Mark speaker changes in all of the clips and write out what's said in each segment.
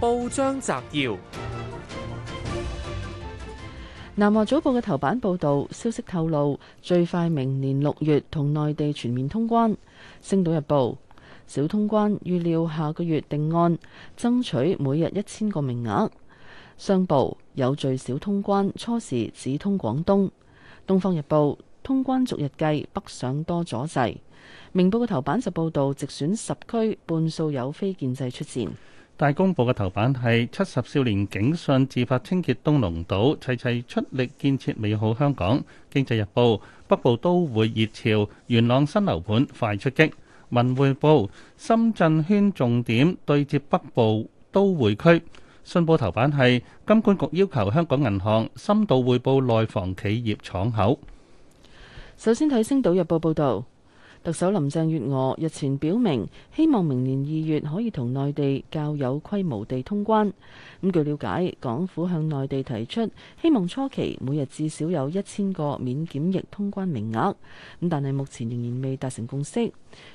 Speaker 1: 報章摘要：南華早報嘅頭版報道，消息透露最快明年六月同內地全面通關。星島日報小通關預料下個月定案，爭取每日一千個名額。商報有最小通關，初時只通廣東。東方日報通關逐日計北上多阻滯。明報嘅頭版就報道直選十區半數有非建制出戰。
Speaker 2: 大公報嘅頭版係七十少年警訊自發清潔東龍島，齊齊出力建設美好香港。經濟日報北部都會熱潮，元朗新樓盤快出擊。文匯報深圳圈重點對接北部都會區。信報頭版係金管局要求香港銀行深度匯報內房企業敞口。
Speaker 1: 首先睇星島日報報道。特首林鄭月娥日前表明，希望明年二月可以同內地較有規模地通關。咁據了解，港府向內地提出希望初期每日至少有一千個免檢疫通關名額，咁但係目前仍然未達成共識。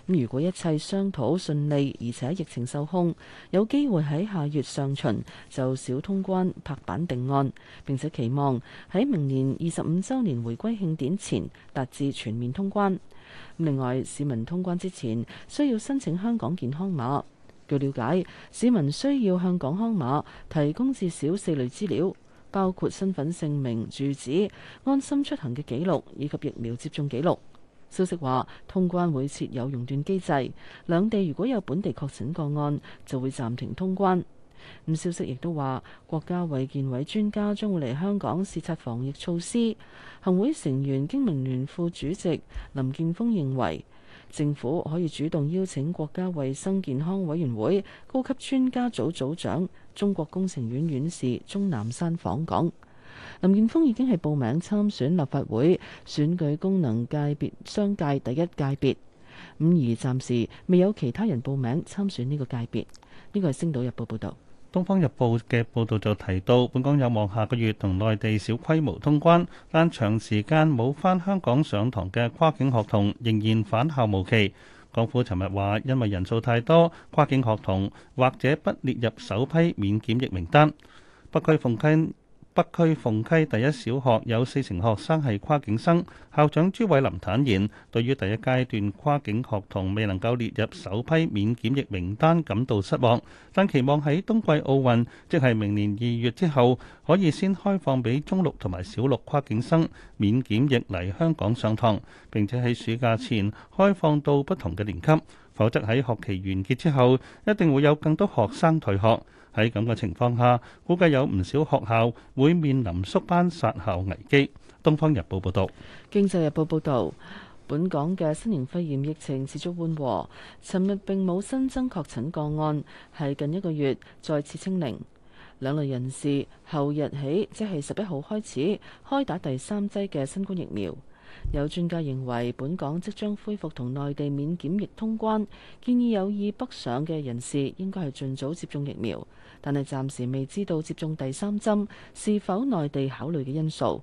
Speaker 1: 咁如果一切商討順利，而且疫情受控，有機會喺下月上旬就小通關拍板定案。並且期望喺明年二十五週年回歸慶典前達至全面通關。另外，市民通關之前需要申請香港健康碼。據了解，市民需要向港康碼提供至少四類資料，包括身份姓名、住址、安心出行嘅記錄以及疫苗接種記錄。消息話，通關會設有熔斷機制，兩地如果有本地確診個案，就會暫停通關。咁消息亦都話，國家衛健委專家將會嚟香港視察防疫措施。行會成員經民聯副主席林健鋒認為，政府可以主動邀請國家衛生健康委員會高級專家組組長、中國工程院院士鍾南山訪港。林健鋒已經係報名參選立法會選舉功能界別商界第一界別，咁而暫時未有其他人報名參選呢個界別。呢個係《星島日報》報導。
Speaker 2: 《東方日報》嘅報導就提到，本港有望下個月同內地小規模通關，但長時間冇返香港上堂嘅跨境學童仍然返校無期。港府尋日話，因為人數太多，跨境學童或者不列入首批免檢疫名單。北區鳳溪。北區鳳溪第一小學有四成學生係跨境生，校長朱偉林坦言，對於第一階段跨境學童未能夠列入首批免檢疫名單感到失望，但期望喺冬季奧運，即係明年二月之後，可以先開放畀中六同埋小六跨境生免檢疫嚟香港上堂，並且喺暑假前開放到不同嘅年級，否則喺學期完結之後，一定會有更多學生退學。喺咁嘅情況下，估計有唔少學校會面臨縮班殺校危機。《東方日報》報導，
Speaker 1: 《經濟日報》報導，本港嘅新型肺炎疫情持續緩和，尋日並冇新增確診個案，係近一個月再次清零。兩類人士後日起，即係十一號開始，開打第三劑嘅新冠疫苗。有專家認為，本港即將恢復同內地免檢疫通關，建議有意北上嘅人士應該係盡早接種疫苗。但係暫時未知道接種第三針是否內地考慮嘅因素。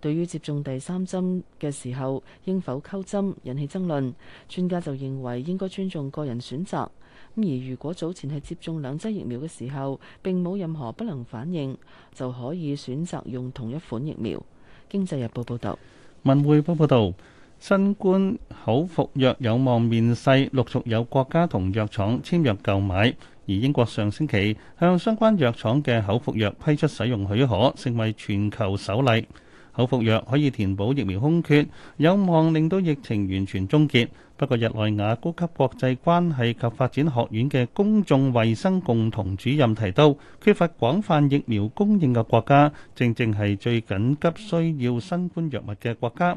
Speaker 1: 對於接種第三針嘅時候應否溝針，引起爭論。專家就認為應該尊重個人選擇。而如果早前係接種兩劑疫苗嘅時候並冇任何不良反應，就可以選擇用同一款疫苗。經濟日報
Speaker 2: 報導。文匯報報道，新冠口服藥有望面世，陸續有國家同藥廠簽約購買。而英國上星期向相關藥廠嘅口服藥批出使用許可，成為全球首例。口服藥可以填補疫苗空缺，有望令到疫情完全終結。不過，日內瓦高級國際關係及發展學院嘅公眾衛生共同主任提到，缺乏廣泛疫苗供應嘅國家，正正係最緊急需要新冠藥物嘅國家。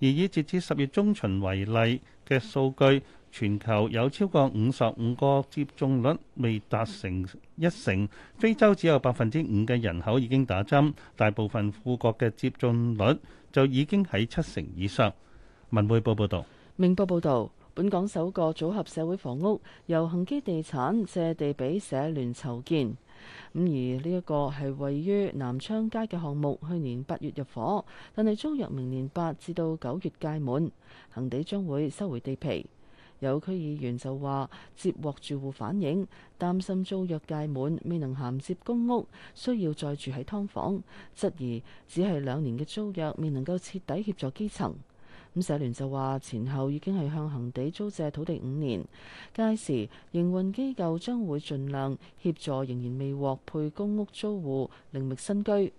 Speaker 2: 而以截至十月中旬為例嘅數據，全球有超過五十五個接種率未達成一成，非洲只有百分之五嘅人口已經打針，大部分富國嘅接種率就已經喺七成以上。文匯報報道。
Speaker 1: 明報報導，本港首個組合社會房屋由恒基地產借地俾社聯籌建。咁而呢一個係位於南昌街嘅項目，去年八月入伙，但係租約明年八至到九月屆滿，恒地將會收回地皮。有區議員就話接獲住戶反映，擔心租約屆滿未能銜接公屋，需要再住喺劏房，質疑只係兩年嘅租約，未能夠徹底協助基層。咁社聯就話，前後已經係向恒地租借土地五年，屆時，營運機構將會盡量協助仍然未獲配公屋租戶另覓新居。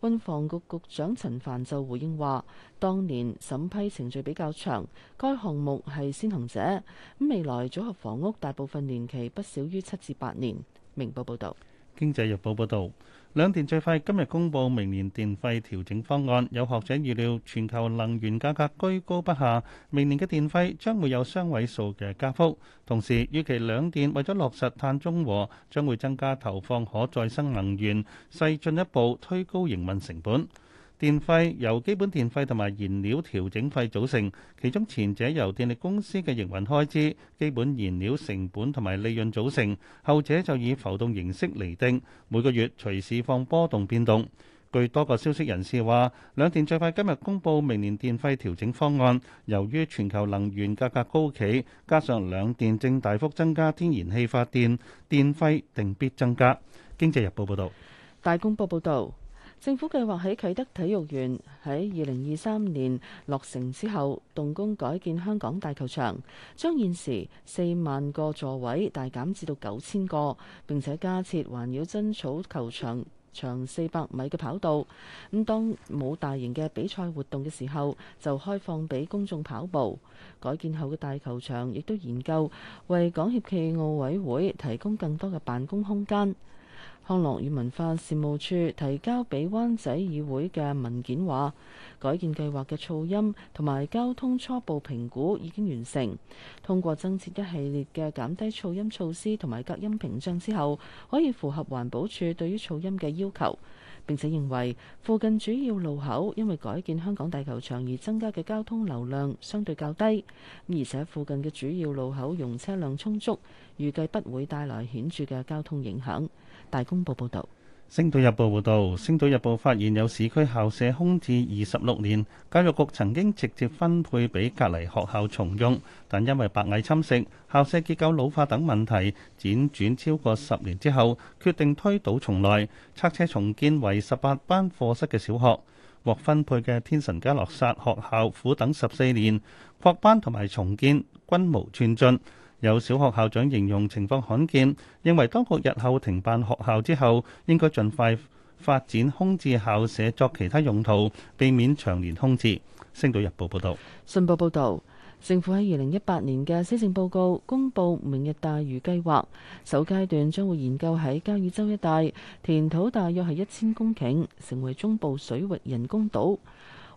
Speaker 1: 運房局局長陳帆就回應話，當年審批程序比較長，該項目係先行者。未來組合房屋大部分年期不少於七至八年。明報報道。
Speaker 2: 經濟日報報道。兩電最快今日公布明年電費調整方案，有學者預料全球能源價格居高不下，明年嘅電費將會有雙位數嘅加幅。同時，預期兩電為咗落實碳中和，將會增加投放可再生能源，勢進一步推高營運成本。電費由基本電費同埋燃料調整費組成，其中前者由電力公司嘅營運開支、基本燃料成本同埋利潤組成，後者就以浮動形式釐定，每個月隨市況波動變動。據多個消息人士話，兩電最快今日公佈明年電費調整方案。由於全球能源價格高企，加上兩電正大幅增加天然氣發電，電費定必增加。經濟日報報導，
Speaker 1: 大公報報導。政府計劃喺啟德體育園喺二零二三年落成之後，動工改建香港大球場，將現時四萬個座位大減至到九千個，並且加設環繞真草球場長四百米嘅跑道。咁當冇大型嘅比賽活動嘅時候，就開放俾公眾跑步。改建後嘅大球場亦都研究為港協暨奧委會提供更多嘅辦公空間。康樂與文化事務處提交俾灣仔議會嘅文件話，改建計劃嘅噪音同埋交通初步評估已經完成。通過增設一系列嘅減低噪音措施同埋隔音屏障之後，可以符合環保署對於噪音嘅要求。並且認為附近主要路口因為改建香港大球場而增加嘅交通流量相對較低，而且附近嘅主要路口用車量充足，預計不會帶來顯著嘅交通影響。大公報報
Speaker 2: 導。星島日報報道，星島日報發現有市區校舍空置二十六年，教育局曾經直接分配俾隔離學校重用，但因為白蟻侵蝕、校舍結構老化等問題，輾轉超過十年之後，決定推倒重來，拆車重建為十八班課室嘅小學。獲分配嘅天神嘉諾撒學校苦等十四年，擴班同埋重建均無寸進。有小學校長形容情況罕見，認為當局日後停辦學校之後，應該盡快發展空置校舍作其他用途，避免長年空置。星島日報報道：
Speaker 1: 「信報報道，政府喺二零一八年嘅施政報告公布明日大嶼計劃，首階段將會研究喺交椅洲一帶填土，大約係一千公頃，成為中部水域人工島。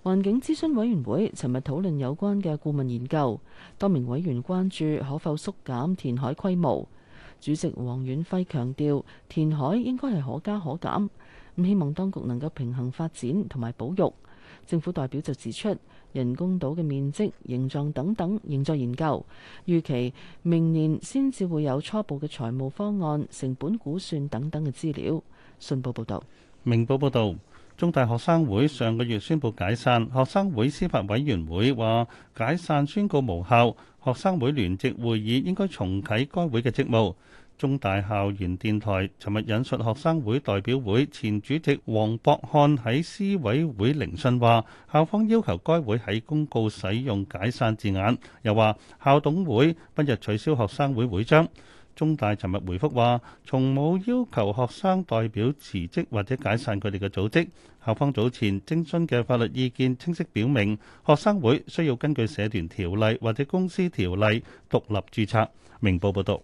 Speaker 1: 環境諮詢委員會尋日討論有關嘅顧問研究，多名委員關注可否縮減填海規模。主席黃遠輝強調，填海應該係可加可減，咁希望當局能夠平衡發展同埋保育。政府代表就指出，人工島嘅面積、形狀等等仍在研究，預期明年先至會有初步嘅財務方案、成本估算等等嘅資料。
Speaker 2: 信報報導，明報報導。中大學生會上個月宣布解散，學生會司法委員會話解散宣告無效，學生會聯席會議應該重啟該會嘅職務。中大校園電台尋日引述學生會代表會前主席黃博漢喺司委會聆訊話，校方要求該會喺公告使用解散字眼，又話校董會不日取消學生會會章。中大尋日回覆話，從冇要求學生代表辭職或者解散佢哋嘅組織。校方早前徵詢嘅法律意見，清晰表明學生會需要根據社團條例或者公司條例獨立註冊。明報報道。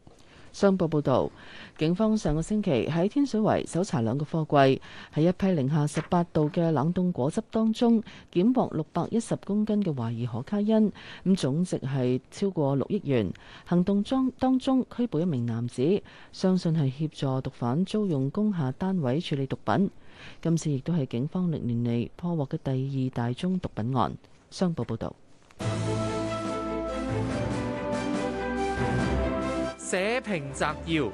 Speaker 1: 商報報道，警方上個星期喺天水圍搜查兩個貨櫃，喺一批零下十八度嘅冷凍果汁當中，檢獲六百一十公斤嘅懷疑可卡因，咁總值係超過六億元。行動中當中拘捕一名男子，相信係協助毒販租用工廈單位處理毒品。今次亦都係警方歷年嚟破獲嘅第二大宗毒品案。商報報道。
Speaker 2: 社評摘要：
Speaker 1: 《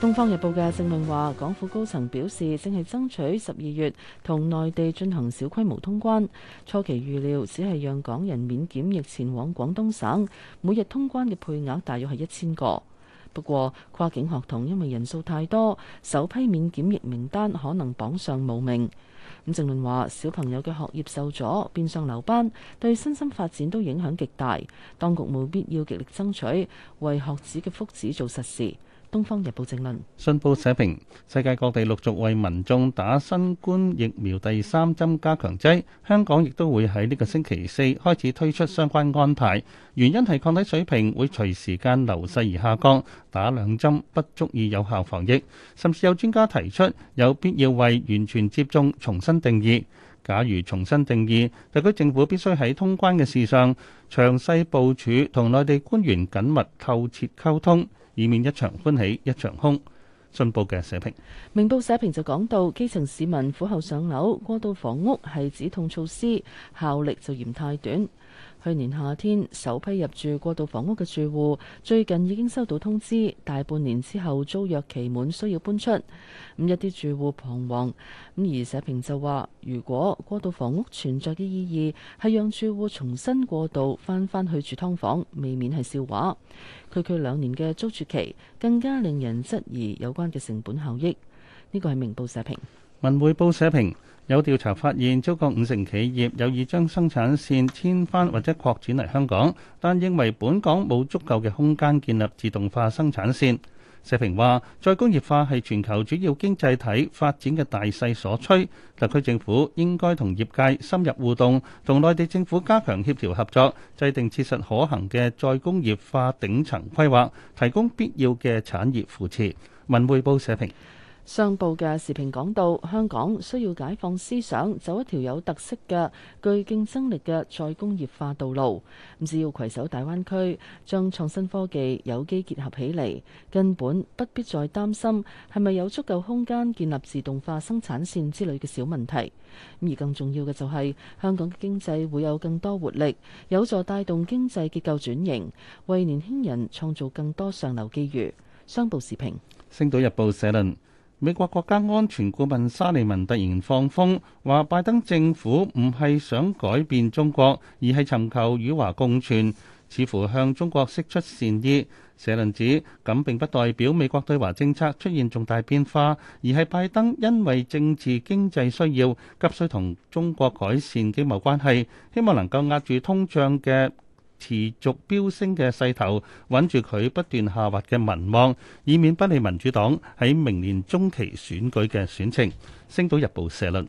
Speaker 1: 東方日報》嘅社評話，港府高層表示正係爭取十二月同內地進行小規模通關，初期預料只係讓港人免檢疫前往廣東省，每日通關嘅配額大約係一千個。不過跨境學童因為人數太多，首批免檢疫名單可能榜上無名。咁鄭論話：小朋友嘅學業受阻，變相留班，對身心發展都影響極大。當局冇必要極力爭取，為學子嘅福祉做實事。《東方日報》正論，
Speaker 2: 信報社評，世界各地陸續為民眾打新冠疫苗第三針加強劑，香港亦都會喺呢個星期四開始推出相關安排。原因係抗體水平會隨時間流逝而下降，打兩針不足以有效防疫，甚至有專家提出有必要為完全接種重新定義。假如重新定義，特區政府必須喺通關嘅事上詳細部署，同內地官員緊密透徹溝通。以免一場歡喜一場空。信報嘅社評，
Speaker 1: 明報社評就講到，基層市民苦候上樓，過渡房屋係止痛措施，效力就嫌太短。去年夏天首批入住過渡房屋嘅住戶，最近已經收到通知，大半年之後租約期滿需要搬出。咁一啲住戶彷徨。咁而社評就話，如果過渡房屋存在嘅意義係讓住戶重新過渡翻返去住劏房，未免係笑話。區區兩年嘅租住期，更加令人質疑有關嘅成本效益。呢個係明報社評。
Speaker 2: 文匯報社評有調查發現，超過五成企業有意將生產線遷返或者擴展嚟香港，但認為本港冇足夠嘅空間建立自動化生產線。社評話：再工業化係全球主要經濟體發展嘅大勢所趨，特區政府應該同業界深入互動，同內地政府加強協調合作，制定切實可行嘅再工業化頂層規劃，提供必要嘅產業扶持。文匯報社評。
Speaker 1: 商報嘅時評講到，香港需要解放思想，走一條有特色嘅具競爭力嘅再工業化道路。只要攜手大灣區，將創新科技有機結合起嚟，根本不必再擔心係咪有足夠空間建立自動化生產線之類嘅小問題。而更重要嘅就係，香港嘅經濟會有更多活力，有助帶動經濟結構轉型，為年輕人創造更多上流機遇。商報時評，
Speaker 2: 星島日報社論。美國國家安全顧問沙利文突然放風，話拜登政府唔係想改變中國，而係尋求與華共存，似乎向中國釋出善意。社論指咁並不代表美國對華政策出現重大變化，而係拜登因為政治經濟需要，急需同中國改善經貿關係，希望能夠壓住通脹嘅持續飆升嘅勢頭，穩住佢不斷下滑嘅民望，以免不利民主黨喺明年中期選舉嘅選情。星島日報社論。